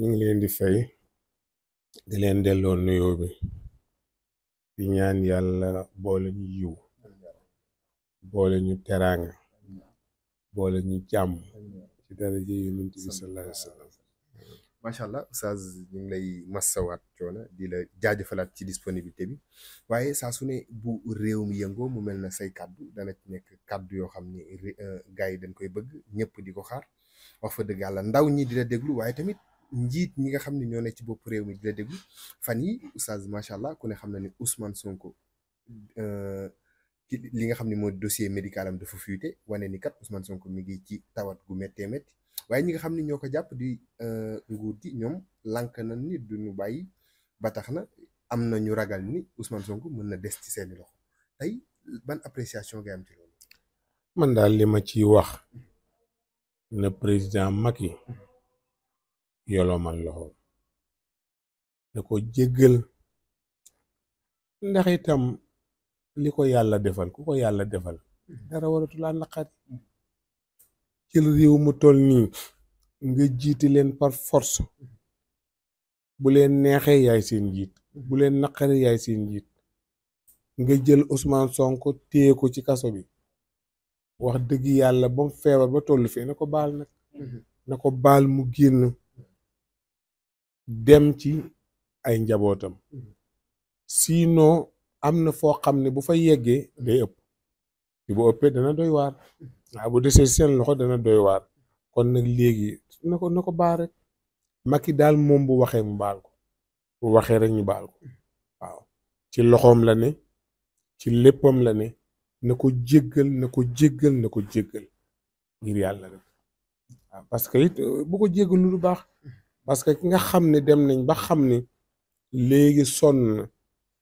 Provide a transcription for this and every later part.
ñu ngi leen di fay di leen delloo nuyoo bi di ñaan yàlla boole ñu yiw boole ñu teraanga boole ñu jàmm ci dara ji yonent bi sallallahu allah oustaz ñu ngi lay massawaat coono di la jaajëfalaat ci disponibilité bi waaye saa su ne bu réew mi yëngoo mu mel na say kàddu dana nekk kàddu yoo xam ne euh, gars yi dañ koy bëgg ñëpp di ko xaar wax fa dëgg yàlla ndaw ñi di la déglu waaye tamit njiit ñi nga xam ne ñoo ne ci bopp réew mi di la déglu fan yi oustaz macha allah ku ne xam na ne Ousmane Sonko euh, li nga xam ne moo dossier médical am dafa fuité wane ni kat usman Sonko mi ngi ci tawat gu méttee métti waaye ñi nga xam ne ñoo ko jàpp di euh, nguur gi ñoom lànk na ni duñu bàyyi ba tax na am na ñu ragal ni Ousmane Sonko mën na des ci seeni loxo tey ban appréciation nga am ci loolu. man daal li ma ciy wax na président Macky. Mm-hmm. yolomal loxo da ko jéggal ndax itam li ko yàlla defal ku ko yàlla defal dara waratu laa naqari jël réew mu toll nii nga jiiti leen par force bu leen neexee yaay seen njiit bu leen naqari yaay seen njiit nga jël Ousmane Sonko téye ko ci kaso bi wax dëgg yàlla bam feebar ba toll fii na ko baal nag mm-hmm. na ko baal mu génn dem ci ay njabootam si sinon am na foo xam ne bu fa yeggee day ëpp li bu ëppee dana doy waar waaw bu desee seen loxo dana doy waar kon nag léegi na ko na ko baal rek Macky daal moom bu waxee mu baal ko bu waxee rek ñu baal ko waaw ci loxoom la ne ci léppam la ne na ko jéggal na ko jéggal na ko jéggal ngir yàlla rek waaw parce bu ko jéggal lu baax parce que ki nga xam ne dem nañ ba xam ni léegi sonn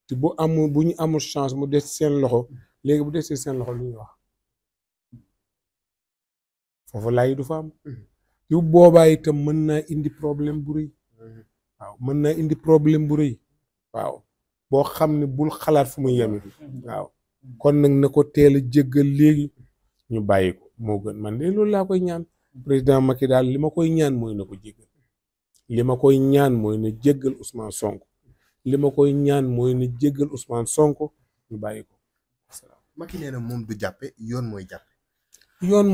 te bu amu bu ñu amul chance mu des seen loxo léegi bu des seen loxo lu ñuy wax foofu laay du fa am mm-hmm. yu boobaa itam mën naa indi problème bu rëy mm-hmm. naa indi problème bu rëy waaw boo xam ne bul xalaat fu muy yemi mm-hmm. kon nag na ko teel a jéggal léegi ñu bàyyi ko moo gën man de loolu laa koy ñaan président ma Macky daal li ma koy ñaan mooy na ko jéggal li ma koy ñaan mooy na jéggal Ousmane Sonko li ma koy ñaan mooy na jéggal Sonko ñu bàyyi ko. Macky nee na moom du jàppe yoon mooy jàppe.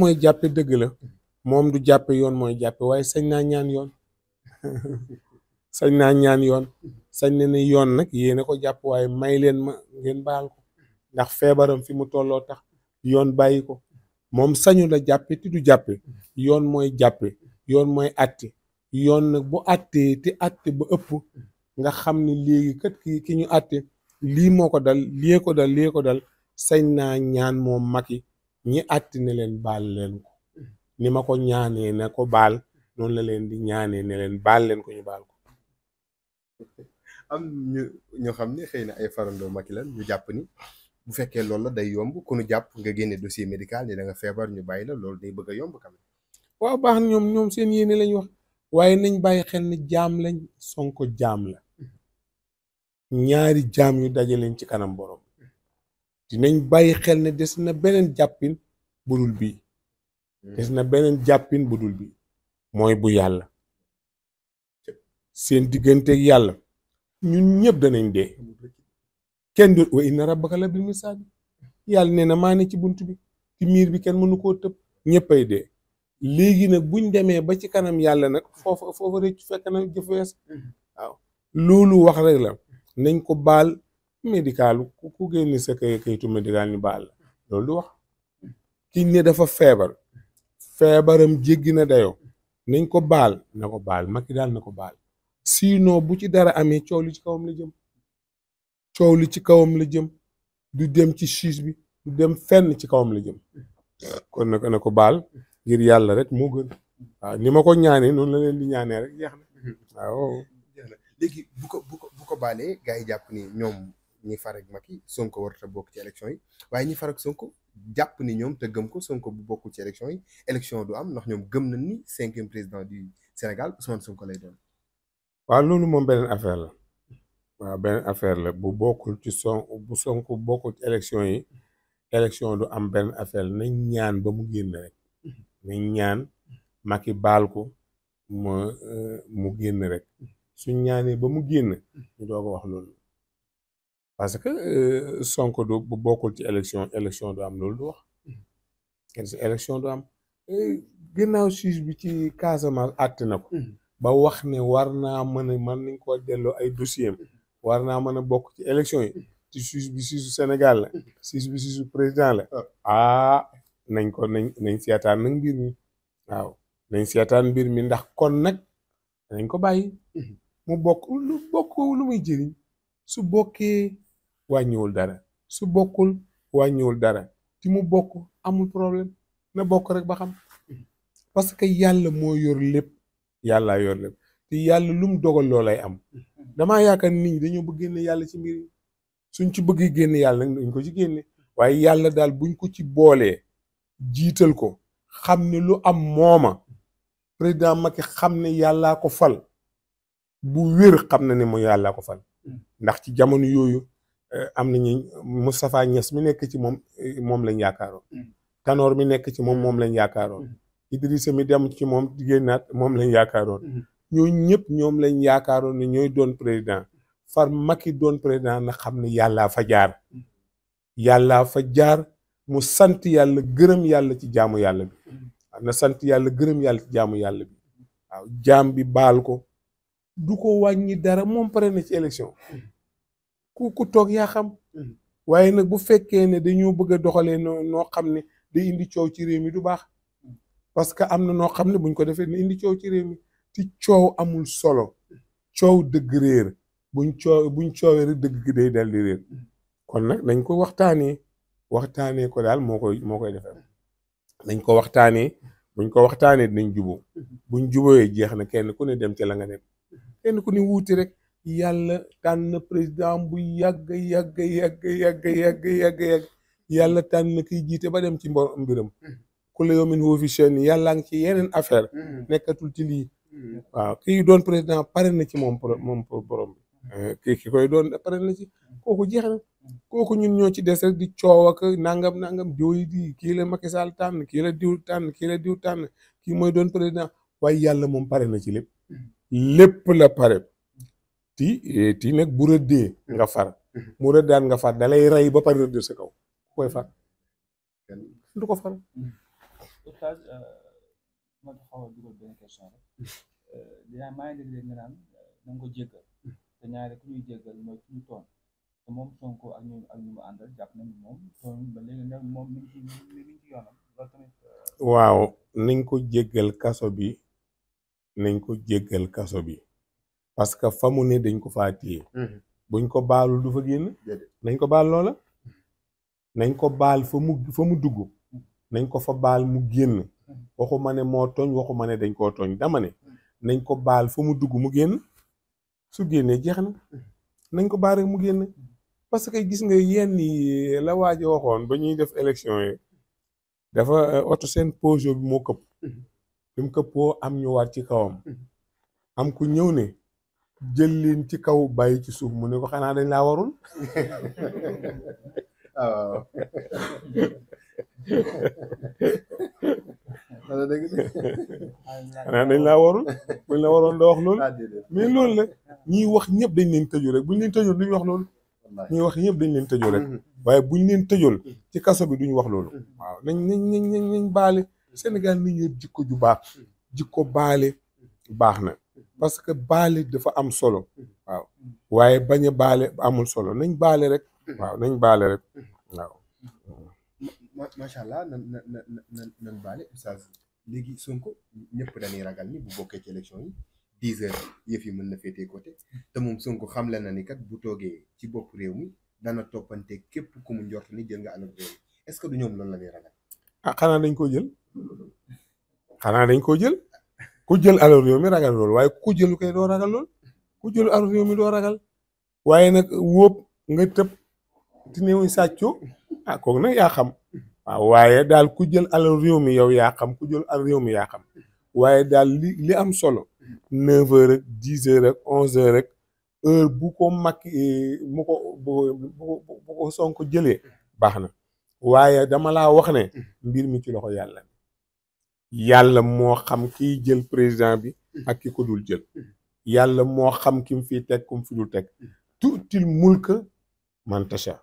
mooy jàppe dëgg la moom du jàppe yoon mooy jàppe waaye sañ naa ñaan yoon sañ naa ñaan yoon sañ na ne yoon nag yéen a ko jàpp waaye may leen ma ngeen baal ko ndax feebaram fi mu tolloo tax yoon bàyyi ko moom sañu la jàppe ti du jàppe yoon mooy jàppe yoon mooy àtte yoon nag bu àttee te àtte ba ëpp nga xam ne léegi kat ki ki ñu àtte lii moo ko dal lii ko dal lii ko dal sañ naa ñaan moom yi ñi àtte ne leen baal leen ko ni ma ko ñaanee na ko baal noonu la leen di ñaanee ne baal leen ko ñu baal ko am ñu ñoo xam ne xëy na ay farandoo Macky la ñu jàpp ni bu fekkee loolu la day yomb ku ñu jàpp nga génne dossier médical ni da nga feebar ñu bàyyi la loolu day bëgg a yomb quand même waaw baax ñoom ñoom seen yéene lañ wax waaye nañ bàyyi xel na jaam lañ sonk jaam la ñaari jaam yu daje leen ci kanam borom dinañ bàyyi xel na des na beneen jàppin budul bii des na beneen jàppin budul bii mooy bu yàlla seen digganteek yàlla ñun ñëpp danañ dee kenn du wa inna rabbaka la bil misaal yàlla nee na maa ne ci bunt bi ci bi kenn mënu koo tëb ñëppay dee léegi nag buñ demee ba ci kanam yàlla nag foofa foofa rëcc fekk na jëf wees mm-hmm. waaw loolu wax rek la nañ ko baal médical ku ku génn sa kayitu médical ñu baal la loolu du wax kiñ ne dafa feebar feebaram jéggi na dayoo nañ ko baal na ko baal mag Macky daal na ko baal sinon bu ci dara amee coow li ci kawam la jëm coow li ci kawam la jëm du dem ci siis bi du dem fenn ci kawam la jëm kon nag na ko baal ngir yàlla rek moo gën waaw ni ma ko ñaanee noonu la leen di ñaanee rek jeex na waaw. léegi bu ko bu ko bu ko yi jàpp ni ñoom ñi far ak yi Sonko war a bokk ci élection yi waaye ñi far Sonko jàpp ni ñoom te gëm ko Sonko bu bokku ci yi élection du am ndax ñoom gëm nañ ni cinquième président du Sénégal Ousmane Sonko lay doon. waaw loolu moom beneen affaire la waaw affaire la bu bokkul ci son bu Sonko bokkul yi élection du am benn affaire na ñaan ba mu génn rek. nañ ñaan Macky baal ko ma euh, mu génn rek suñ ñaanee ba mu génn ñu doog a wax loolu parce que euh, Sonko du bu bokkul ci élection élection du am loolu du wax kenn si élection du am euh, gannaaw suus bi ci Casamance àtte na ko ba wax ne war naa mën a mën nañ ko delloo ay dossier war naa mën a bokk ci élection yi ci suus bi suusu Sénégal la suus bi suusu président la ah, ah nañ ko nañ nañ seetaan nag mbir mi waaw nañ seetaan mbir mi ndax kon nag nañ ko bàyyi mhm. mu bokk lu bokk lu muy jëriñ su bokkee wàññiwul dara su bokkul wàññiwul dara ti mu bokk amul problème na bokk rek ba xam mhm. parce que yàlla moo yor lépp yàlla yor lépp ti yàlla lu mu dogal loolay am mhm. damaa yaakaar nit ñi dañoo bëgg génne yàlla ci mbir yi suñ ci bëggee génne yàlla nag dañ ko ci génne waaye yàlla daal buñ ko ci boolee jiital ko xam ne lu am mooma président Macky xam ne yàllaa ko fal bu wér xam na ni mu yàllaa ko fal ndax ci jamono yooyu eh, am nañu Moustapha Niass mi nekk ci moom eh, moom lañ yaakaaroon mm. Tanor mi nekk ci moom moom lañ yaakaaroon mm. Idrissa mi dem ci moom génnaat moom lañ yaakaaroon mm. ñoo ñëpp ñoom lañ yaakaaroon ne ñooy doon président far Macky doon président na xam ne yàllaa fa jaar yàllaa fa jaar mu sant yàlla gërëm yàlla ci jaamu yàlla bi na sant yàlla gërëm yàlla ci jaamu yàlla bi waaw jaam bi baal ko du ko wàññi dara moom pare na ci élection ku ku toog yaa xam waaye nag bu fekkee ne dañoo bëgg a doxalee noo noo xam ne day indi coow ci réew mi du baax parce que am na noo xam ne buñ ko defee ne indi coow ci réew mi te coow amul solo coow dëgg réer buñ coow buñ coowee rek dëgg day dal réer kon nag nañ ko waxtaanee. waxtaanee ko daal moo koy moo koy defee nañ ko waxtaanee buñ ko waxtaanee dinañ juboo buñ jubooyee jeex na kenn ku ne dem ci la nga dem kenn ku ne wuuti rek yàlla tànn président bu yàgg yàgg yàgg yàgg yàgg yàgg yàgg yàlla tànn kiy jiite ba dem ci mbo mbiram ku la yomin woo fi seen yàllaa ngi ci yeneen affaire hmm. nekkatul ci lii hmm. waaw kii doon président pare na ci moom moom borom bi Eh, kii ki koy doon pare na ci kooku jeex na kooku ñun ñoo ci des rek di coow ak nangam nangam diw yi di kii la Macky Sall tànn kii la diw tànn kii diw tànn kii mooy doon président waay yàlla moom pare na ci lépp lépp la pare ti eh, ti nag bu rëddee nga far mu rëddaan nga far dalay rey ba pare rëdd sa kaw ku koy far du ko far oustaz euh, ma xaw a rek euh, dinaa maa ngi te ñaare ku ñuy euh, waaw nañ ko jéggal kaso bi nañ ko jéggal kaso bi parce que fa mu ne dañ ko faa téye. Mm-hmm. buñ ko baalul du fa génn. nañ ko baal loola. nañ ko baal fa mu fa mu dugg. nañ ko fa baal mu génn. Mm-hmm. waxu ma ne moo tooñ waxu ma ne dañ koo tooñ dama ne. Mm-hmm. nañ ko baal fa mu dugg mu génn. su génnee jeex na nañ ko baaree mu génn parce que gis nga yenn yi la waaj waxoon ba ñuy def élection yi dafa euh, oto seen projet bi moo këpp bi mu këppoo am ñu waat ci kawam am ku ñëw ne jël leen ci kaw bàyyi ci suuf mu ne ko xanaa dañ laa warul ah, waaw xanaa dañ laa warul la waroon doo wax loolu ah, mais loolu la ñiy wax ñëpp dañ leen tëju rek buñ leen tëjul duñ wax loolu ñiy wax ñëpp dañ leen tëjul rek mm-hmm. waaye buñ leen tëjul mm-hmm. ci kaso bi duñ wax loolu mm-hmm. waaw nañ nañ nañ nañ nañ baale Sénégal ni ñëpp jikko ju baax jikko baale baax na parce que baale dafa am solo waaw waaye bañ a baale amul solo nañ baale rek waaw nañ baale rek waaw macha allah nan nan nan nan baale Oustaz léegi Sonko ñëpp dañuy ragal ni bu bokkee ci élection yi dix heures yëf mën na féetee ko te moom xam xamle na ni kat bu toogee ci bopp réew mi dana toppante képp ku mu njort ni jël nga alal réew est-ce que du ñoom loolu la ñuy ragal. ah xanaa dañ koo jël xanaa dañ koo jël ku jël alal réew mi ragal lool waaye ku jël kay doo ragal lool ku jël alal mi doo ragal waaye nag wóob nga tëb te néew sàccoo ah kooku nag yaa xam waaw waaye daal ku jël alal réew mi yow yaa xam ku jël alal réew mi yaa xam waaye daal li am solo. neuf heures ak dix heures ak onze heures ak bu ko Macky mu eh, ko bu ko Sonko jëlee baax na waaye dama la wax ne mbir mi ci loxo yàlla yàlla moo xam kii jël président bi ak ki ko dul jël yàlla moo xam ki mu teg ku mu fi dul teg tuutil mulka man tasha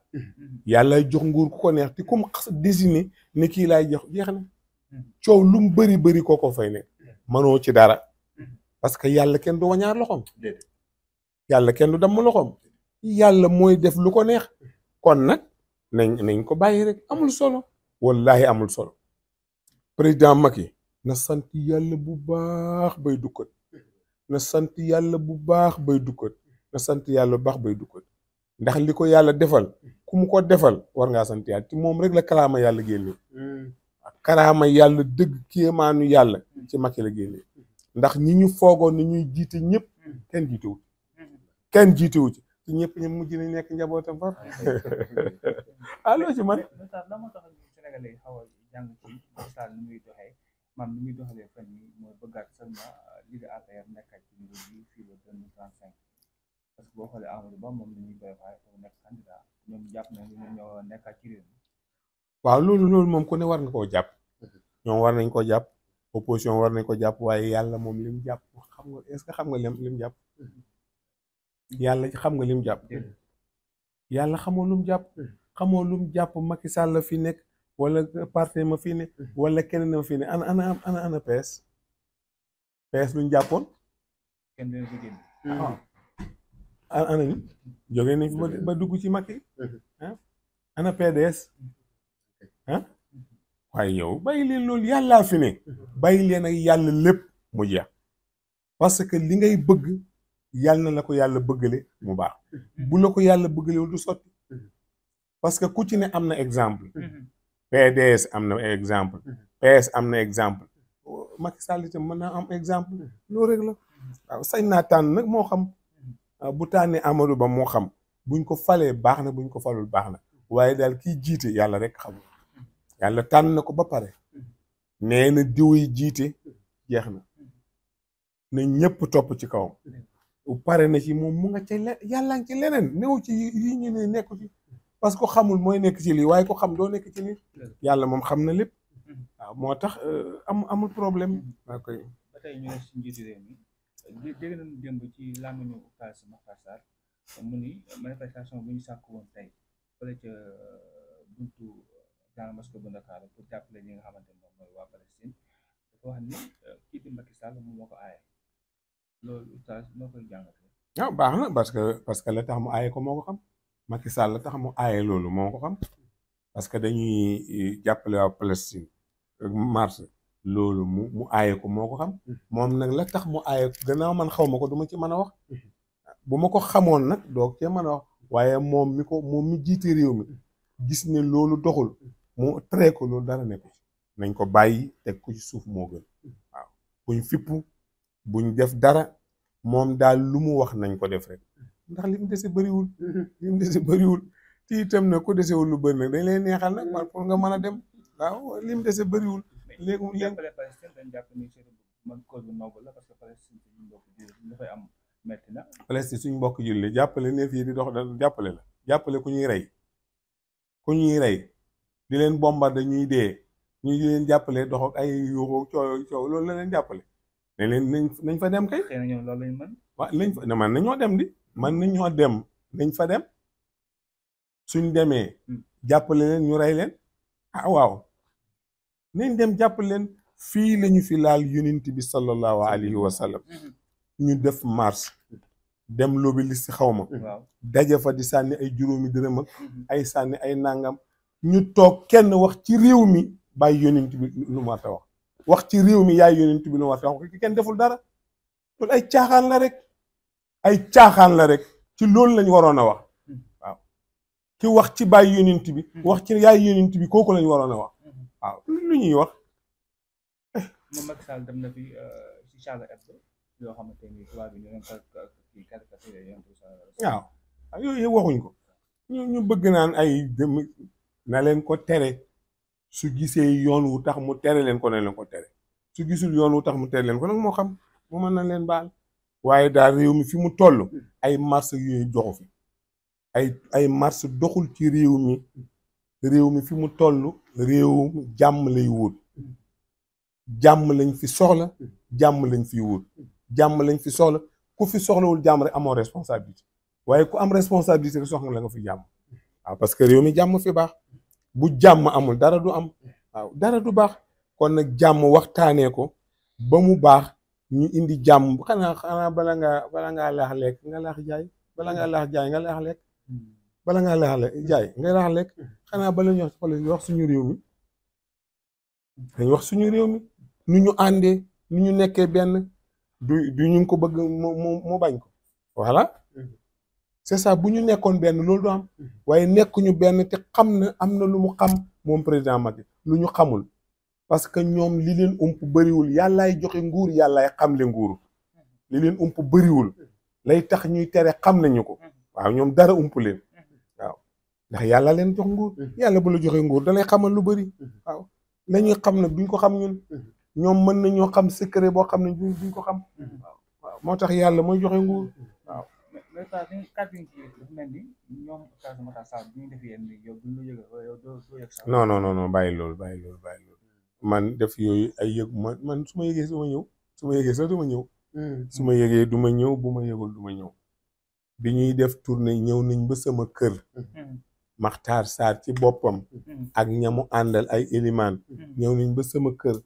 yàlla jox nguur ku ko neex ti comme xas désigné ne kii laay jox na coow lu mu bëri bëri ko fay ne manoo ci dara parce que yàlla kenn du wañaar loxoom yàlla kenn du damm loxoom yàlla mooy def lu ko neex kon nag nañ nañ ko bàyyi rek amul solo wallahi amul solo président Macky na sant yàlla bu baax bay dukkat na sant yàlla bu baax bay dukkat na yàlla bu baax bay dukkat ndax li ko yàlla defal ku mu ko defal war ngaa sant yàlla ci moom rek la karaama yàlla génne hmm. karaama yàlla dëgg kéemaanu yàlla ci Macky la génne ndax ñi ñu foogoon ni ñuy jiite ñëpp hmm. kenn jiitewu hmm. kenn jiitewu ci te ñëpp ñu mujj nañ nekk njabootam far ah loo ci man maam li muy doxalee fan yi mooy bëggaat seulement euh, li di APR nekkaat ci niveau bi fii ba deux mille trente cinq parce que boo xoolee Amadou Ba moom la ñuy koy waxee pour nekk candidat ñoom jàpp na ñu ci réew waaw loolu loolu moom ku ne war na koo jàpp hmm. ñoom war nañ koo jàpp opposition war nañ ko jàpp waaye yàlla moom li mu jàpp xam nga est-ce que xam jàpp mm-hmm. yàlla xam nga li jàpp mm-hmm. yàlla xamoo lu mu jàpp mm-hmm. xamoo lu jàpp Macky Sall la fi nekk wala parti ma fi ne wala keneen ma fi ne ana ana ana ana PS PS jàppoon kenn ah. ana ñu jógee nañ ba dugg ci Macky ah. ana PDS ah. waaye yow bàyyi leen loolu yàllaa fi ne bàyyi leen ak yàlla lépp mu jeex parce que li ngay bëgg yàlla na la ko yàlla bëggale mu baax bu la ko yàlla bëggalewul du sotti parce que ku am na exemple PDS am na exemple PS am na exemple Macky Sall mën naa am exemple loolu la waaw naa tànn nag moo xam bu tànnee Amadou Ba moo xam buñ ko falee baax na buñ ko falul baax na waaye daal kii jiite yàlla rek xam yàlla tànn na ko ba pare nee na diw yi jiite jeex na na ñëpp topp ci kaw bu pare na ci moom mu nga ca le ci leneen néew ci yi ñu ne nekku ci parce que xamul mooy nekk ci lii waaye ko xam doo nekk ci lii yàlla moom xam na lépp moo tax euh, am amul problème waa koy ba tey ñu ci làmmiñu mu ni manifestation bu ñu sàkk woon tey plan Moscou bu Ndakaaru pour jàppale ñi nga xamante ne euh, loolu moo ah, baax na parce que parce que la tax mu aaye ko moo xam Macky Sall la tax mu aaye loolu moo ko xam parce que dañuy euh, jàppale waa Palestine euh, marche loolu mu aaye ko moo ko xam moom nag la tax mu aaye ko man xaw ma ko du ci mën a wax bu ma ko xamoon nag doog cee a wax waaye moom mi ko moom mi jiite réew mi gis ne loolu doxul mu tere ko loolu dara nekku ci nañ ko bàyyi teg ko ci suuf moo gën waaw buñ fippu buñ def dara moom daal lu mu wax nañ ko def rek ndax li mu dese bëriwul mm-hmm. li mu dese bariwul te itam nag ku desewul lu bëri nag dañ lay neexal nag war mm-hmm. pour nga mën a dem waaw li dese bëriwul léegi mu léegi Palestine suñu mbokk julli jàppale ne fii di dox da jàppale la jàppale ku ñuy rey ku ñuy rey di leen bombarde ñuy dee ñu di leen jàppale dox ay yuuxoo coow loolu la leen jàppale ne leen nañ fa dem kay. man nañoo dem di man nañoo dem nañ fa dem suñ demee hmm. jàppale leen ñu rey leen ah waaw nañ dem jàppale leen fii lañu fi laal yonent bi sallallahu alayhi wa hmm. ñu def marche dem lobby li si xaw ma. Hmm. daja fa di sànni ay juróomi dërëm ak ay sànni ay nangam. ñu toog kenn wax ci réew mi bàyyi yonent bi lu mu war wax wax ci réew mi yaay yonent bi lu mu war a wax kenn deful dara loolu ay caaxaan la rek ay caaxaan la rek ci loolu lañu waroon a wax waaw ki wax ci bàyyi yonent bi wax ci yaay yonent bi kooku lañ waroon a wax waaw lu ñuy wax. moom Macky dem na fi euh, ci Charlie Hebdo yoo xamante ni tubaab bi ñoo waaw yooyu ko bëgg naan ay dem na leen ko tere su gisee yoon wu tax mu tere leen ko na leen ko tere su gisul yoon wu tax mu tere leen ko nag moo xam moo mën na leen baal waaye daal réew mi fi mu toll ay marche yooyu doxu fi ay ay marche doxul ci réew mi réew mi fi mu toll réew jàmm lay wut jàmm lañ fi soxla jàmm lañ fi jàmm lañ fi soxla ku fi soxlawul jàmm rek amoo responsabilité waaye ku am responsabilité rek soxla la nga fi jàmm waaw parce que réew mi jàmm fi baax bu jàmm amul dara du am waaw dara du baax kon nag jàmm waxtaanee ko ba mu baax ñu indi jàmm xanaa xanaa bala nga bala ngaa laax lekk nga laax jaay bala ngaa laax jaay nga laax lekk bala ngaa laax lekk jaay nga laax xanaa bala ñu wax wax suñu réew mi dañ wax suñu réew mi nu ñu àndee nu ñu nekkee benn du ñu ko bëgg mu mu bañ ko voilà c'est ça bu ñu nekkoon benn loolu daam am waaye nekkuñu benn te xam na am na lu mu xam moom président Macky lu ñu xamul parce que ñoom li leen ump bariwul yàllaay joxe nguur yàllaay xamle nguur li leen ump bëriwul lay tax ñuy tere xam nañu ko waaw ñoom dara ump leen yàlla leen jox nguur yàlla bu la joxe nguur dalay xamal lu bëri waaw la ñuy xam na duñ ko xam ñun ñoom mën ñoo xam secret boo xam ne duñ ko xam moo tax yàlla mooy joxe nguur résultat bi quatre yi ci dafa mel bàyyi loolu bàyyi loolu bàyyi man def yooyu ay yëg man su ma yëgee su su ma yëgee sax du ma ñëw hmm. su ma yëgee du ma ñëw bu ma yëgul du ma ñëw bi ñuy def tournée ñëw nañ ba sama kër hmm. Makhtar ci boppam hmm. ak ñamu àndal ay élimaan ñëw nañ ba sama kër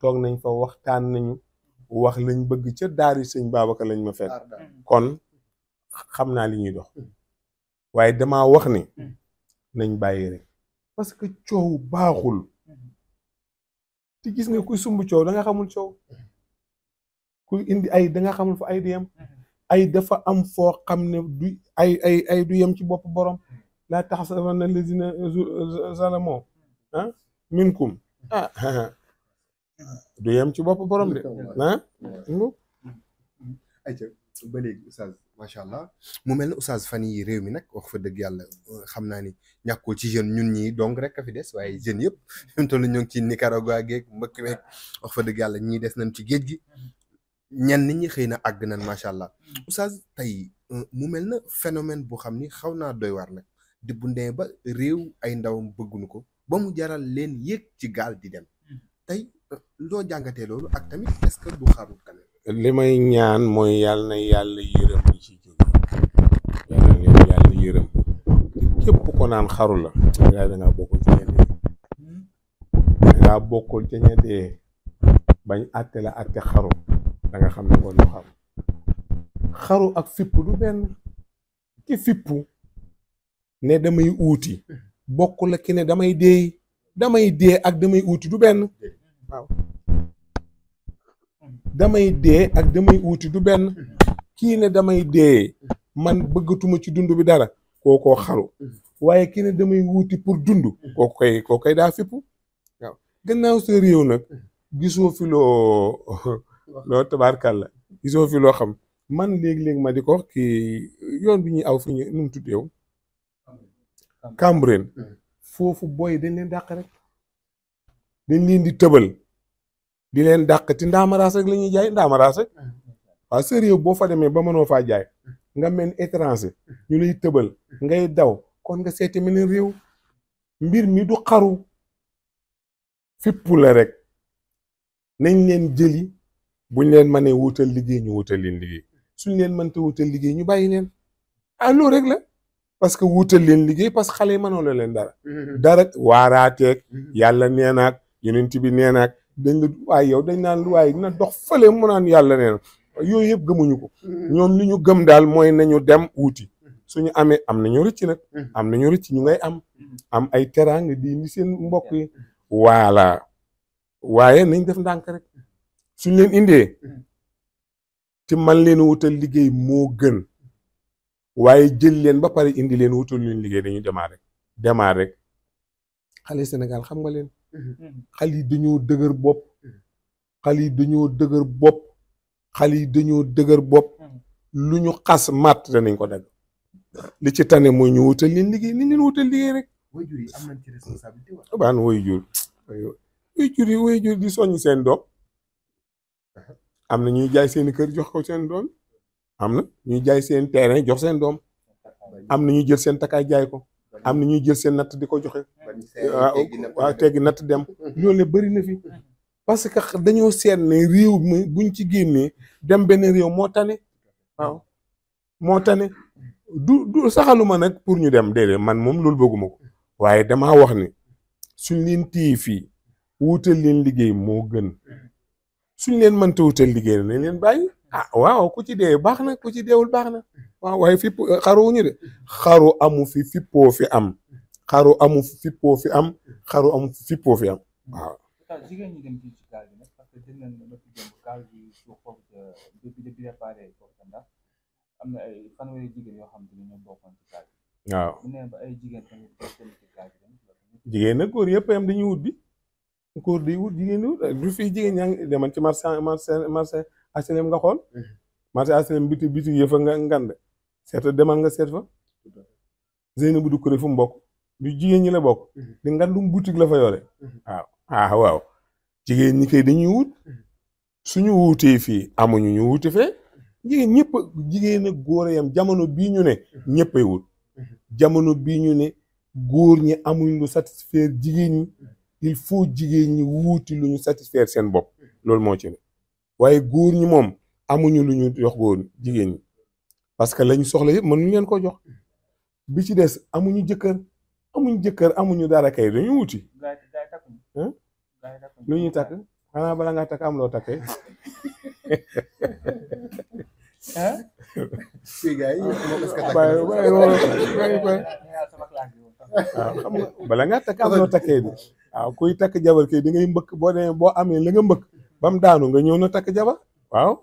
toog nañ fa waxtaan nañu wax lañ bëgg ca daari sëñ Babacar lañ ma fekk kon xam naa li ñuy dox waaye dama wax ni nañ bàyyi rek parce que coow baaxul te gis nga kuy sumb coow da nga xamul coow kuy indi ay da nga xamul fa ay du yem ay dafa am foo xam ne du ay du yem ci bopp borom laa taxsabanna lazina zalamu ah minkum ah du yem ci bopp borom de ah. macha allah mu mel ne oustaz fan yi réew mi nag wax fa dëgg yàlla euh, xam naa ni ñàkkul ci jeune ñun ñii donc rek a fi des waaye jeunes yëpp fi mu toll ñoo ngi ci Nicaragua geeg mbëkk meeg wax fa dëgg yàlla ñii des nañ ci géej gi ni ñi xëy na àgg nañ macha allah oustaz tey euh, mu mel na phénomène boo xam ni xaw naa doy war nag di ndee ba réew ay ndawam bëgguñu ko ba mu jaral leen yéeg ci gaal di dem mm. tey euh, loo jàngatee loolu ak tamit est-ce que du li may ñaan mooy yàlla na yàlla yërëm ñi ci jóge yàlla na yërëm képp ko naan xaru la da dangaa bokkul ca ña dee bañ àtte la àtte xaru da nga xam ne kon xaru xaru ak fipp du benn ki fippu ne damay uuti bokk la ki ne damay dee damay dee ak damay uuti du benn damay dee ak damay uuti du benn kii ne damay dee man bëggatuma ci dund bi dara kookoo xaru waaye kii ne damay wuuti pour dund koo koy koo koy daa fippu gannaaw sa réew nag gisoo fi loo loo tabaarkàlla gisoo fi loo xam man léegi léeg ma di ko ki yoon bi ñuy aw fi ñu nu mu tuddeew hmm. foofu booy dañ leen dàq rek dañ leen di tëbal di leen dàq ci ndaamaraas rek la ñuy jaay ndaamaraas rek waaw sérieux boo fa demee ba mënoo faa jaay nga mel ni étranger ñu lay tëbal ngay daw kon nga seeti meneen réew mbir mi du xaru fippu la rek nañ leen jëli buñ leen mënee wutal liggéey ñu wutal leen liggéey suñ leen mënta wutal liggéey ñu bàyyi leen ah loolu rek la parce que wutal leen liggéey parce que xale yi mënoon leen dar dara mm-hmm. waaraateeg mm-hmm. yàlla nee naag yonent bi nee dañ la waaye yow dañ naan waaye na dox fële mu naan yàlla nee na yooyu yëpp gëmuñu ko. Mm-hmm. ñoom lu ñu gëm daal mooy nañu dem wuuti. suñu amee am nañu rëcc nag. Mm-hmm. am nañu rëcc ñu ngay am. Mm-hmm. am ay teraanga di indi seen mbokk yi. voilà waaye nañ def ndànk rek suñ leen indee. ci man leen wutal liggéey moo gën waaye jël leen ba pare indi leen wutal leen liggéey dañuy démarrer démarrer rek xale senegal xam nga leen. xale yi dañoo dëgër bopp xale yi dañoo dëgër bopp xale yi dañoo dëgër bopp lu ñu xas matt danañ ko dagg li ci tane mooy ñu wutal leen liggéey ni leen wutal liggéey rek waajur yi am nañ ci responsabilité baan waajur waajur yi waajur di soññ seen doom am na ñuy jaay seen kër jox seen doom am na ñuy jaay seen terrain jox seen doom am na ñuy jël seen takkaay jaay ko am na ñuy jël seen natt di ko joxe. waaw ah, ah, natt dem. loolu bari na fi. parce que dañoo seet ne réew mi ci génnee dem benn réew moo tane waaw moo tane du du saxaluma nag pour ñu dem déedéet man moom loolu bëgguma ko waaye dama wax ni suñ leen téye fii wuutal leen liggéey moo gën suñ leen mënta wuutal liggéey nañ leen bàyyi ah waaw ku ci dee baax na ku ci deewul baax na. waaw waaye fipp xaruwuñu de xaru amu fi fippoo fi am xaru amu fi fippoo am xaru am waaw. Euh, am na ay fanweeri jigéen ay jigéen tamit bokkoon ci gaal gi. jigéen nag góor yëpp yam dañuy wut bi góor di wut jigéen di wut du fi jigéen ñaa ngi demal ci marché marché marché HLM nga xool. Mm-hmm. marché HLM biti biti yëfa nga ngande seetal demal nga seet fa Zeynabu du kuré fu jigéen ñi la bokk mhm. dinga ngandum boutique la fa yore mhm. waaw ah jigéen ñi kay dañuy wut mhm. suñu wuutee fii amuñu ñu wuute fee jigéen ñëpp jigéen ak góor yam jamono bii ñu ne ñëppay jamono bii ñu ne góor ñi amuñ lu satisfaire jigéen ñi il faut jigéen ñi wuuti lu ñu satisfaire seen bopp loolu moo ci ne waaye góor ñi moom amuñu lu ñu jox góor jigéen ñi parce que lañ soxla yëpp mënuñ leen ko jox bi ci des amuñu jëkkër amuñu jëkkër amuñu dara kay dañu wuti. lu ñu takk xanaa bala ngaa takk am loo takkee. ah. si gars yi xam nga bala ngaa takk am loo takkee jabar kay da ngay mbëkk boo demee boo amee la nga mbëkk ba mu daanu nga ñëw na takk jabar waaw.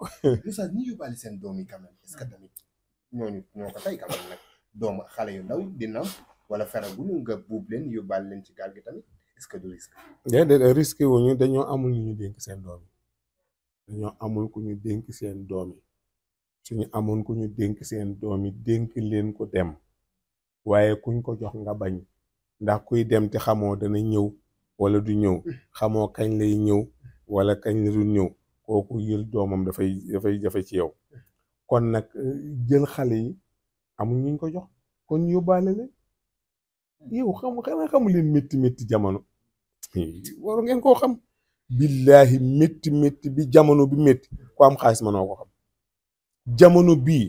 ñooñu ñoo ko tey quand xale yu ndaw di nam wala feraguñu nga buub leen yóbbaale leen ci gaal gi tamit est risque. déedéet ñu dañoo amul ñu ñu dénk seen doom yi dañoo amul ku ñu dénk seen doom yi suñu ku ñu dénk seen doom yi dénk leen ko dem waaye kuñ ko jox nga bañ ndax kuy dem te xamoo dana ñëw wala du ñëw xamoo kañ lay ñëw wala kañ la du ñëw kooku yël doomam dafay dafay jafe ci yow. kon nag eh, jël xale yi amuñ ñu ko jox kon yóbbaale leen yow xam xanaa xamu leen métti métti jamono eh, waru ngeen koo xam billaahi métti métti bi jamono bi métti ku am xaalis mënoo ko xam jamono bii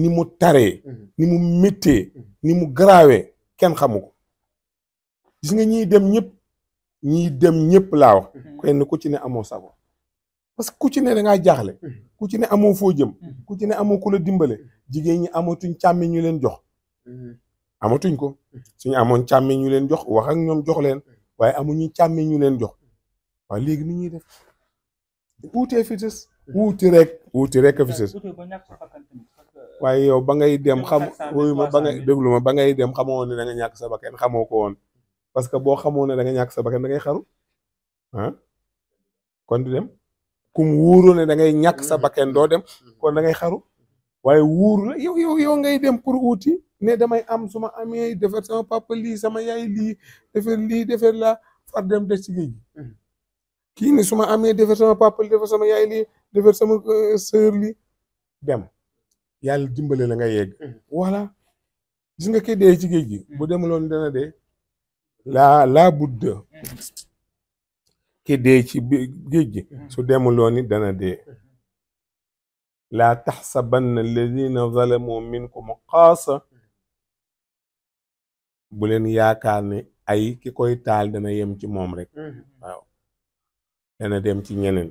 ni mu taree mm-hmm. ni mu mettee mm-hmm. ni mu garaawee kenn xamu ko gis nga ñiy dem ñëpp ñiy dem ñépp laa wax mm-hmm. kenn ku ci ne amoo sago parce que ku ci ne da ngaa jaaxle hmm. ku ci ne amoo foo jëm hmm. ku ci ne amoo ku la dimbale jigéen ñi amatuñ càmmi ñu leen jox hmm. amatuñ ko suñu amoon càmmi ñu leen jox wax ak ñoom jox leen waaye amuñu càmmi ñu leen jox waaye léegi nu ñuy def wuutee fi des wuuti rek wuuti rek a fi des waaye yow ba ngay dem xam wuyu ma ba ngay déglu ma ba ngay dem xamoo ne da nga ñàkk sa bakkan xamoo ko woon parce que boo xamoo ne danga nga ñàkk sa bakkan da ngay xaru ah? kon di dem kum wóoroo ne dangay ngay ñàkk sa mm-hmm. bakken doo dem mm-hmm. kon da ngay xaru waaye wóoru la yow yow yow ngay dem pour uuti ne damay am suma amee defar sama papa lii sama yaay lii defar lii defar laa far dem des ci géej mm-hmm. kii ne suma amee defar sama papa lii defar sama yaay lii defar sama euh, sœur lii dem yàlla dimbale la nga yegg wala gis nga kii dee ci géej gi bu demuloon dana dee laa laa budda ki dee ci géej gi mhm. su demuloon it dana dee mhm. laa taxsabanna alladina zalamu minkum xaasa bu leen yaakaar ne ay ki koy taal dana yem ci moom rek mhm. waaw dana dem ci ñeneen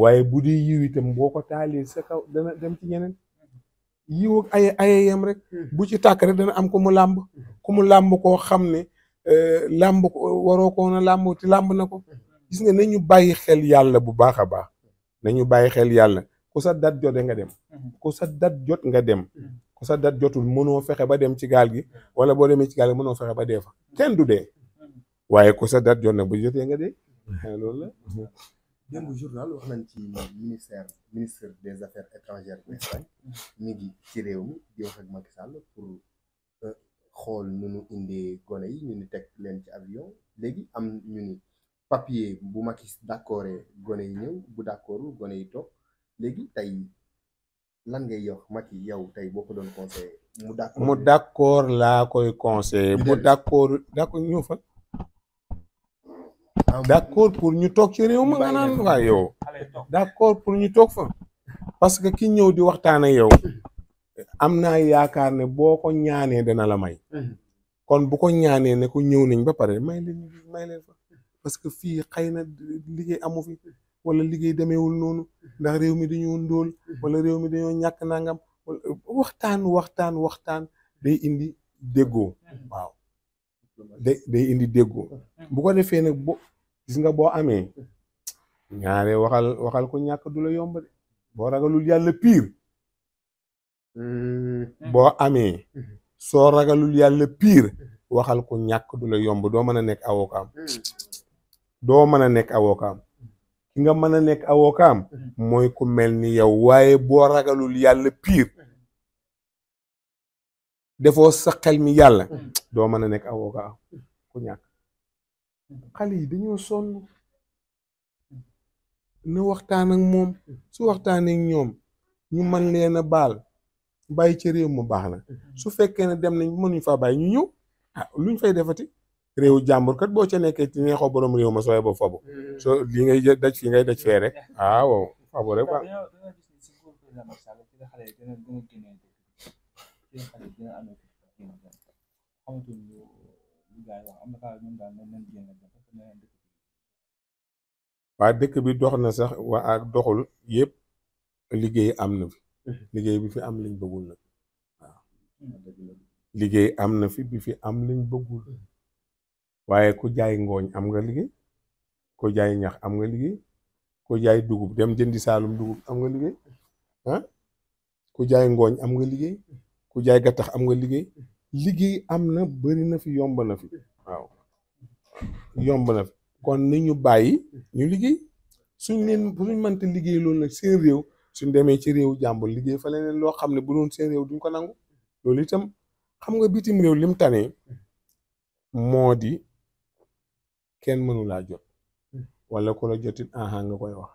waaye bu dee yiw itam boo ko dana dem ci ñeneen yiw ak ay ay bu ci tàkk dana am ku mu làmb ku mu làmb koo xam ne eh, làmb làmb ti làmb na ko gis nga nañu bàyyi xel yàlla bu baax a baax nañu bàyyi xel yàlla ku sa dat jote nga dem ku sa dat jot nga dem mhm. ku sa dat mhm. jotul mënoo fexe ba dem ci gaal gi wala boo demee ci gaal gi mënoo fexe ba dee fa kenn du dee mhm. waaye ku sa dat jot nag bu jotee nga dee loolu la démb journal wax nañ ci ministère ministre des affaires étrangères bu Espagne ñu ci réew mi di ak Macky Sall pour euh, xool nu nu indee gone yi ñu ni teg leen ci avion léegi am ñu ni papier bu Macky d'accord gone yi ñëw bu d'accord gone yi toog léegi tey lan ngay yox Macky yow tey boo ko doon conseillé mu d'accord mu d'accord laa koy conseillé mu d'accord d'accord ñëw fa ah, d'accord pour ñu toog ci réew ma nga naan waa yow d'accord pour ñu toog fa parce que ki ñëw di waxtaan ak yow am naa yaakaar ne boo ko ñaanee dana la may mm-hmm. kon bu ko ñaanee ne ko ñëw nañ ba pare may leen may leen fa parce que fii xëy na liggéey amu fi wala liggéey demeewul noonu ndax réew mi ñu ndóol wala réew mi dañoo ñàkk nangam waxtaan waxtaan waxtaan day indi déggoo waaw day day bu ko defee nag bo gis nga boo amee ñaare waxal waxal ko ñàkk du la yomb de boo ragalul yàlla piir hmm. boo amee soo ragalul yàlla piir waxal ko ñàkk du la yomb doo mën a nekk avocat hmm. doo mën a nekk avocat am ki nga mën a nekk avocat am mooy ku mel ni yow waaye boo ragalul yàlla piir defoo sax xel mi yàlla doo mën a nekk avocat am ku ñàkk xale yi dañoo sonn na waxtaan ak moom su waxtaanee ak ñoom ñu mën leen a baal bàyyi ci réew mu baax na su fekkee ne dem nañ mënuñ faa bàyyi ñu ñëw ah luñ fay defati réewu jàmbur kat boo ca nekkee ci neexoo borom réew ma sooy bo fabu mm-hmm. soo li ngay daj fii ngay daj fee rek ah waaw fabu rek waa dëkk bi dox na sax wa ak doxul yépp liggéey am na fi mm-hmm. liggéey bi fi am lañ bëggul nag mm-hmm. liggéey am na fi bi fi am liñ bëggul waaye ku jaay ngooñ am nga liggéey ku jaay ñax am nga liggéey ku jaay dugub dem jëndi saalum dugub am nga liggéey ah? ku jaay ngooñ am nga liggéey ku jaay gattax am nga liggéey liggéey am na bëri na fi yomb na fi kon ni ñu bàyyi ñu liggéey suñ leen suñ mënta liggéey loolu nag seen réew suñ demee ci réew jàmbur liggéey fa leneen loo xam ne bu doon seen réew duñ ko nangu loolu itam xam nga bitim réew lim tane moo di kenn mënu laa jot wala ku la jotit aha nga koy wax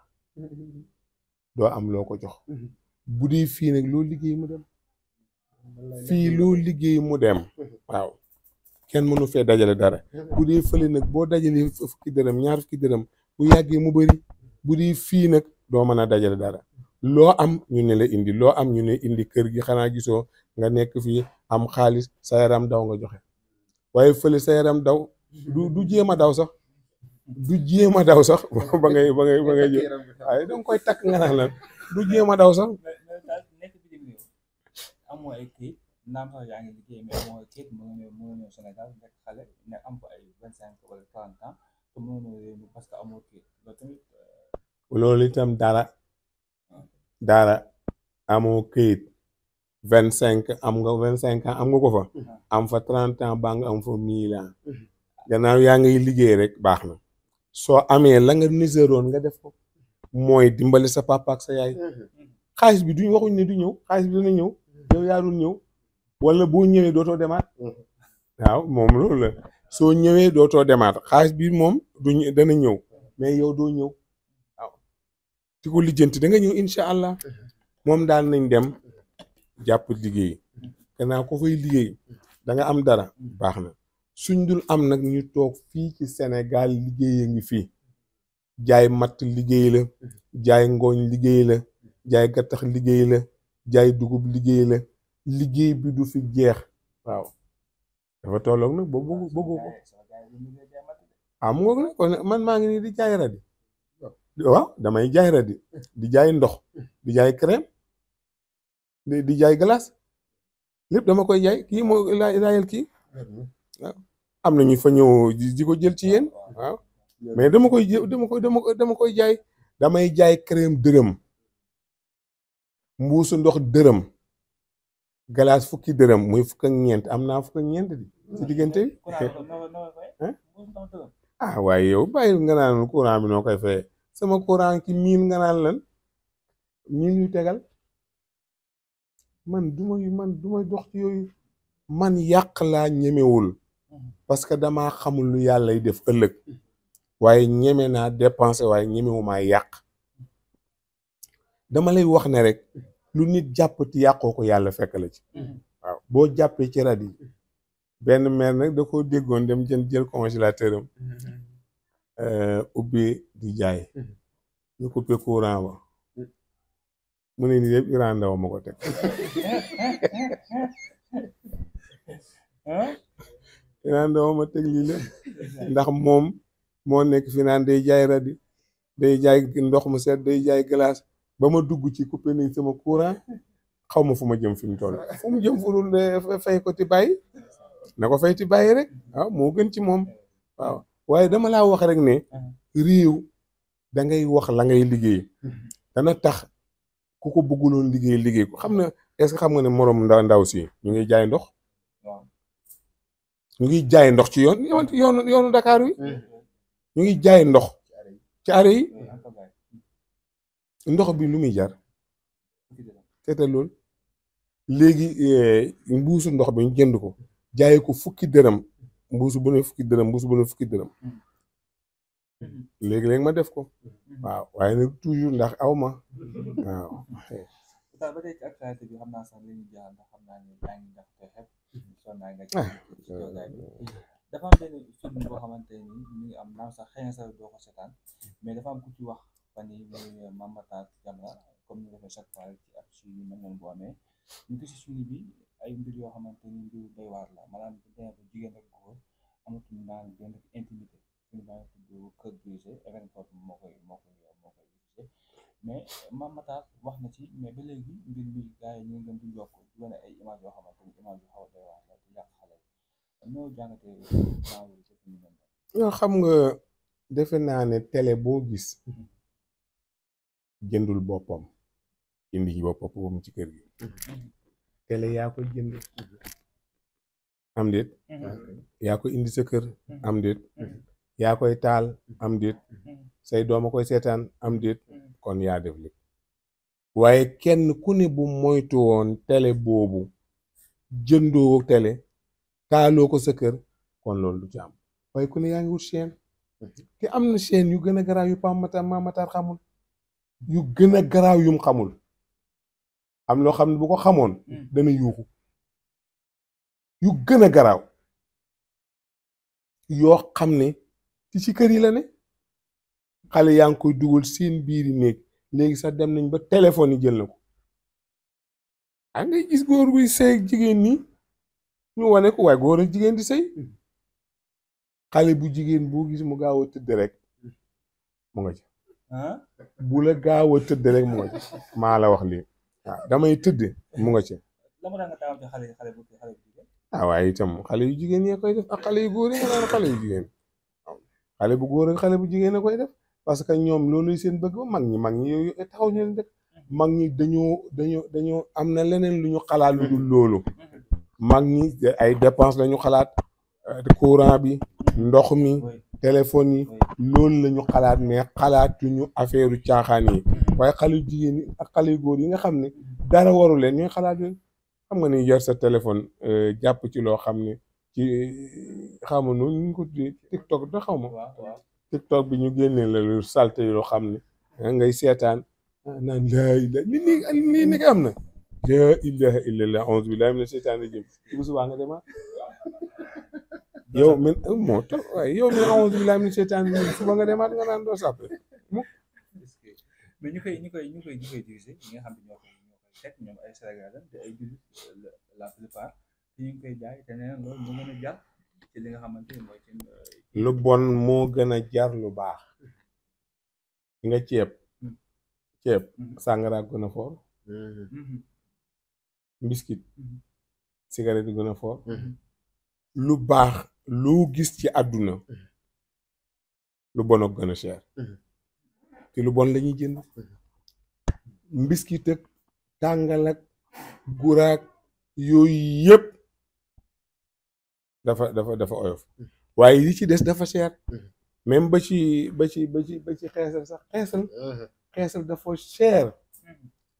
doo am loo ko jox bu dee fii nag loo liggéey mu dem fii loo liggéey mu dem waaw kenn mënu fee dajale dara bu dee fële nag boo dajalee fukki dërëm ñaar fukki dërëm bu yàggee mu bëri bu dee fii nag doo mën a dajale dara loo am ñu ne la indi loo am ñu ne indi kër gi xanaa gisoo nga nekk fii am xaalis sa yaram daw nga joxe waaye fële sa yaram daw du du jéem a daw sax du jéem a daw sax ba ngay ba ngay ba koy takk nga naan lan du jéem a daw sax. naam sax yaa ngi am ko ay que amoo kii euh, itam dara dara amoo këyit vingt cinq am nga vingt cinq am nga ko fa ah. am fa trente ans ba nga am fa mille ans mm-hmm. gannaaw yaa ngi liggéey rek baax na soo amee la nga niseroon nga def ko mooy dimbali sa papa ak sa yaay xaalis bi duñ waxuñ ne du ñëw xaalis bi dana ñëw yow yaa dul ñëw wala boo ñëwee dootoo demaat waaw moom loolu la soo ñëwee dootoo demaat xaalis bi moom duñ dana ñëw mais yow doo ñëw waaw ko lijjanti da nga ñëw incha allah moom daal nañ dem jàpp liggéey gannaaw ko fay liggéey danga am dara baax na suñ dul am nag ñu toog fii ci Sénégal liggéey a ngi fii jaay matt liggéey la jaay ngooñ liggéey la jaay gattax liggéey la jaay dugub liggéey la liggéey bi du fi jeex waaw dafa tolloog nag ba bëgg bëggu ko am ngoog nag man maa ngi nii di jaay radi damay jaay radi di jaay ndox di jaay crème di jaay glace lépp dama koy jaay kii moo laayal kii am na ñu fa ñëw di ko jël ci yéen waaw mais dama koy dama koy dama dama koy jaay damay jaay crème dërëm mbuusu ndox dërëm glace fukki dërëm muy fukk ak ñeent am naa fukk ak ñeent di ci diggante bi ah waaye yow bàyyi nga naan courant bi noo koy fay sama courant ki miin nga naan lan miin ñu tegal man duma man duma dox ci yooyu man yàq laa ñemewul parce que dama xamul lu yàllay def ëllëg waaye ñeme naa dépenser waaye ñemewumaa yàq dama lay wax ne rek lu nit jàpp ti yàqoo ko yàlla fekk la ci boo jàppee ci rajo benn meer nag da koo déggoon dem jën jël congélateur am euh, ubbi di jaay ñu coupé courant ba mu ne nii Iran Ndaw ma ko teg di naan dama ma teg lii la ndax moom moo nekk fi day jaay radi day jaay ndox mu set day jaay glace ba ma dugg ci coupé nañ sama courant xaw ma fu ma jëm fi mu toll fu mu jëm fu dul fay ko ti bàyyi na ko fay ti bàyyi rek moo gën ci moom waaw waaye dama laa wax rek ne réew dangay wax la ngay liggéey dana tax ku ko bëgguloon liggéey liggéey ko xam na est-ce que xam nga ne moroom ndaw si ñu ngi jaay ndox ñu ngi jaay ndox ci yoon yoonu yoonu Dakar wi mm. ñu ngi jaay ndox ci are mm. ndox bi lu muy jar seetal lool léegi eh, mbuusu ndox bi ñu jënd ko jaay ko fukki dërëm mbuusu bu ne fukki dërëm mbuusu bu fukki dërëm mm. léegi-léegi ma def ko waaw waaye nag toujours ndax aw ma waaw ba tey ci actualité bi xam naa sax li ñu jaaxal ndax xam naa ne yaa ngi def te xepp dafa am benn film boo xamante ni mu ngi am naam sax xëy na sax doo ko seetaan mais dafa am ku ci wax fan yi muy Mamata Jamra comme ñu defee chaque fois ci ak suñu mën nañ boo amee ñu gis suñu bi ay mbir yoo xamante ni mbiru doy waar la maanaam bu demee ba jigéen ak góor amatuñu naan Mame Matar wax na ci mais ba léegi mbir mi gars yi ñu ngi leen di yokk di wane ay image yoo xamante ni image yu xaw a doy waar la di yàq xale yi ñoo jàngatee ñoo xam nga defe naa ne télé boo gis jëndul boppam indi ci boppam ci kër gi télé yaa ko jënd am déet mhm. yaa ko indi sa kër mhm. am déet mhm. yaa koy taal am déet say doom a koy seetaan am déet mm. kon yaa def li waaye kenn ku ne bu moytu woon télé boobu jëndoo télé taaloo ko sa kër kon loolu lu ci am waaye ku ne yaa ngi mm-hmm. am na chaîne yu gën a garaaw yu Pape Matar yu gën a garaaw xamul am loo xam ne bu ko xamoon mm. dana yuuxu yu gën a garaaw yoo xam ne ci ci kër yi la ne xale yaa ngi koy dugal seen biiri néeg léegi sax dem nañ ba téléphone yi jël na ko a ngay gis góor guy sëy jigéen nii ñu wane ko waaye góor ak jigéen di sëy xale bu jigéen boo gis mu gaaw tëdd rek mu nga ci ah? bu gaaw a tëdd rek mu maa la wax lii damay tëdd mu nga ci ah waaye itam xale yu jigéen ñee koy def ak xale yu góor yi nga naan xale yu jigéen xale bu góor ak xale bu jigéen a koy def parce que ñoom loolu seen bëgg ba mag ñi mag ñi yooyu ñu leen dëkk mag ñi dañoo dañoo dañoo am na leneen lu ñu xalaat lu loolu mag ñi ay dépense lañu xalaat euh, courant bi ndox mi téléphone yi loolu lañu xalaat mais xalaatuñu affaire u caaxaan yi waaye xale jigéen yi ak xale góor yi nga xam ne dara waru leen ñooy xalaat yooyu xam nga ni yor sa téléphone euh, jàpp ci loo xam ne ci xaw ma nu ñu ko da xaw ma TikTok bi ñu génnee la lu salte yoo xam ne ah, ngay seetaan ah, naan laa ilaha li nii lii nekk am na laa ilaha illallah auzu billahi mina sheytaani rajim bu subaa nga demaat ah. yow min moo tax waaye yow min auzu billahi mina sheytaani rajim suba nga demaat nga naan doo sàppe koy koy ñu koy a jar li nga xamante ni euh, lu bon moo gën a jar lu baax nga ceeb hmm. ceeb hmm. sàngara gën a foor mbiskit hmm. cigarette gën a foor lu baax lu gis ci àdduna lu bon ak gën a cher te lu bon lañuy jënd mbiskit ak tàngal ak guraak yooyu yëpp dafa dafa dafa oyof hmm. waaye yi ci des dafa cher hmm. même ba ci ba ci ba ci xeesal sax xeesal hmm. xeesal dafa cher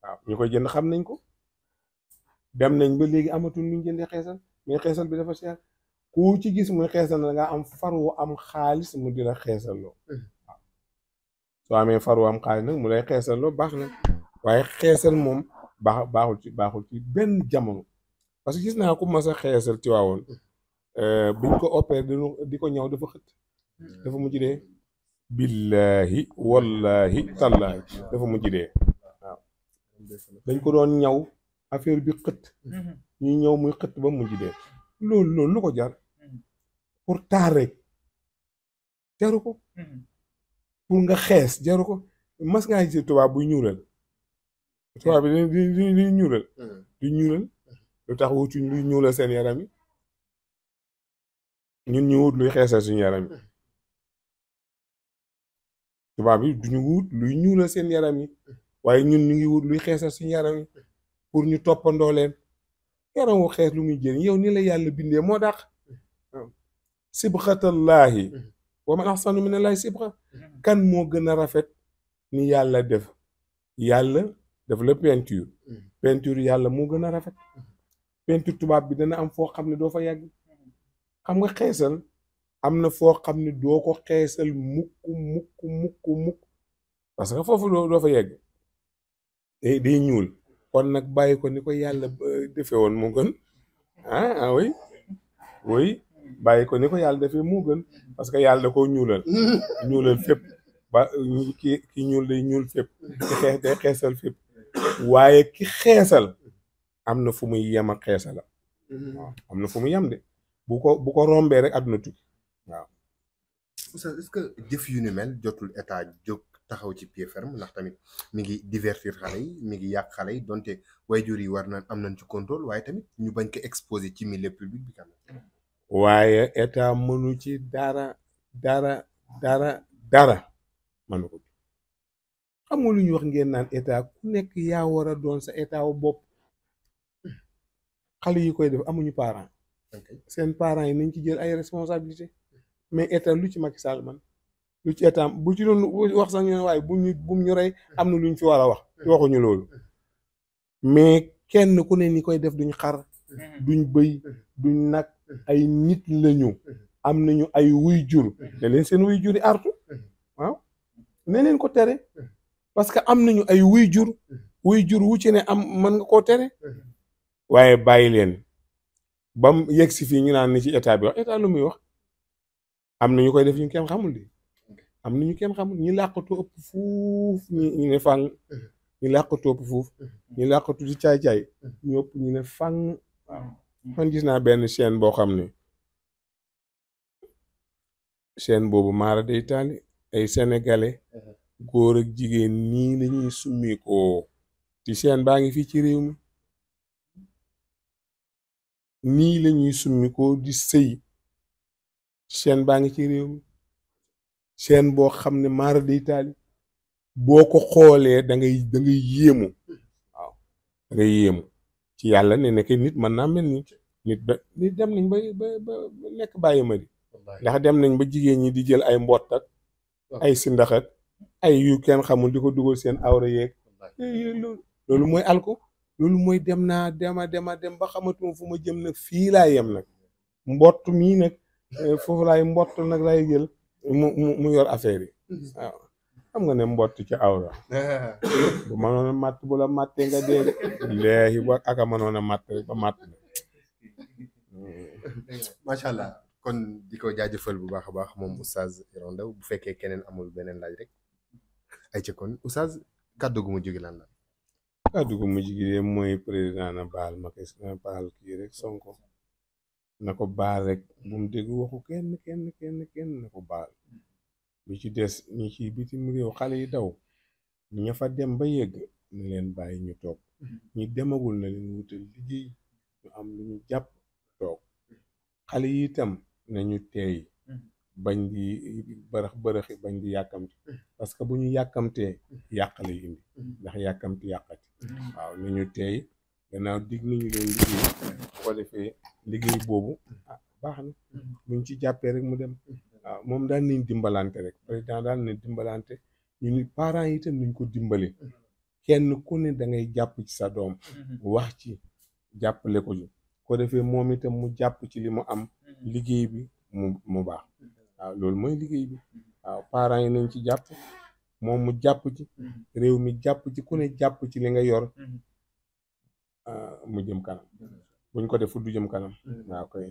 waaw ñu koy jënd xam nañ ko dem nañ ba léegi amatul ñu jëndee xeesal mais xeesal bi dafa cher ku ci gis muy xeesal na nga am faru am xaalis mu di la xeesalloo amee faru am nag mu lay xeesalloo baax na waaye xeesal moom baax baaxul ci baaxul ci benn jamono parce que gis naa ku mas a xeesal ci waawoon Euh, buñ ko opéré di ko ñaw dafa xët dafa mujj dee billaahi wallaahi tallaahi dafa mujj dee waaw dañ ko doon ñaw affaire bi xët mhm. ñu ñëw muy xët ba mujj dee lool loolu lu ko jar mhm. pour taar rek jaru ko mhm. pour nga xees jaru ko mas ngaa gis tubaab buy ñuulal tubaab bi di ñuulal du ñuulal lu tax wutuñ luy ñuulal seen yaram yi ñun ñu wut luy xeesal suñu yaram yi tubaab yi du ñu wut luy ñuulal seen yaram yi waaye ñun ñu ngi wut luy xeesal suñu yaram yi pour ñu toppandoo leen yaram wu xees lu muy jëriñ yow ni la yàlla bindee moo dàq sibxatallaahi wa man ne minallaahi sibxa kan moo gën a rafet ni yàlla def yàlla def la peinture mm. peinture yàlla moo gën a rafet peinture tubaab bi dana am foo xam ne doo fa yàgg xam nga xeesal am na foo xam ne doo ko xeesal mukk mukk mukk mukk parce que foofu doo fa yegg day ñuul kon nag bàyyi ko ni ko yàlla defee woon moo gën ah ah oui oui bàyyi ko ni ko yàlla defee mu gën parce que yàlla koo ñuulal ñuulal fépp ba ki ki ñuul day ñuul fépp ki xees day xeesal fépp waaye ki xeesal am na fu muy yem a xeesala mm-hmm. am na fu muy yem de bu ko bu ko rombee rek àdduna tukki waaw. est-ce jëf yu ni mel jotul état jóg taxaw ci pied ferme ndax tamit mi ngi divertir xale yi mi ngi yàq xale yi donte waajur yi war na am nañ ci contrôle waaye tamit ñu bañ ko exposé ci milieu public bi quand même. waaye ci dara dara dara dara mënu ko xam nga lu ñu wax ngeen naan état ku nekk yaa war a doon sa état wu bopp xale yi koy def amuñu parent seen parent yi nañ ci jël ay responsabilité mais état lu ci mag Sall man lu ci étam bu ci doon wax sax ñu waaye bu ñu bu ñu rey am na lu ñu fi war a wax hmm. waxuñu loolu hmm. mais kenn ku ne ni koy def duñ xar hmm. duñ bëy duñ nag ay nit lañu am nañu ay wuy jur ne leen seen wuy jur yi artu waaw ne leen ko tere parce que am nañu ay wuy jur wuy jur wu ci ne am mën nga koo tere waaye bàyyi leen ba mu si fii ñu naan ni ci etaa bi wax état lu muy wax am na ñu koy def ñu kenn xamul di am na ñu kenn xamul ñi làqatu ëpp fuuf ñu ne fàng mhm. ñi làqatu ëpp fuuf mhm. ñi làqatu caay-caay mhm. ñu ëpp ñu ne fan waaw man gis naa benn chaîne boo xam ne seen boobu maara day taali ay sénégalais góor ak jigéen nii lañuy ñuy summikoo ci baa ngi fii ci réew mi nii la ñuy summi ko di sëy chaîne baa ngi ci réew mi chaîne boo xam ne maara day taali boo ko xoolee dangay ngay da ngay yéemu ci yàlla ne nekk nit mën naa mel ni nit ba nit dem nañ ba ba ba nekk bàyyi ma di ndax dem nañ ba jigéen ñi di jël ay mbott ak ay sindax ay yu kenn xamul di ko dugal seen awra yeeg eh, loolu loolu mooy alko loolu mooy dem naa dema dema dem ba xamatuma fu ma jëm nag fii laa yem nag mbott mii nag euh, foofu laay mbott nag laay jël mu mu yor affaire yi mhm. xam nga ne mbott ci awra bu mënoon a màtt bu la nga dee léegi ba aka mënoon a màtt rek ba màtt la macha allah kon di ko jaajëfal bu baax a baax moom oustaz Iran Ndao bu fekkee keneen amul beneen laaj rek ay ci kon oustaz kàddu gu mu jóge lan la kàddu gu mujj gi de mooy président na baal Macky Sall baal kii rek Sonko na ko baal rek bu mu waxu kenn kenn kenn kenn na ko baal lu ci des ni ci bitim réew xale yi daw ña fa dem ba yegg na leen bàyyi ñu toog ñi demagul na leen wutal liggéey ñu am lu ñu jàpp toog xale yi itam nañu teey bañ di bërëx bërëxi bañ di yàkkamti mm. parce que bu ñu yàkkamtee mm. yàq lay indi mm. ndax nañu teey gannaaw dig nañu leen liggéey boobu ah, baax na buñ ci jàppee rek mu dem moom daal nañ dimbalante rek président daal nañ dimbalante ñu ni parent yi itam nañ ko dimbali kenn ku ne da ngay jàpp ci sa doom mm-hmm. wax ci jàppale ko ju ko defee moom itam mu jàpp ci li mu am mm-hmm. liggéey bi mu baax waaw loolu mooy liggéey bi aw parents yi nañ ci jàpp moom mu jàpp ci réew mi jàpp ci ku ne jàpp ci li nga yor ah, mu jëm kanam buñ ko deful du jëm kanam waaw koy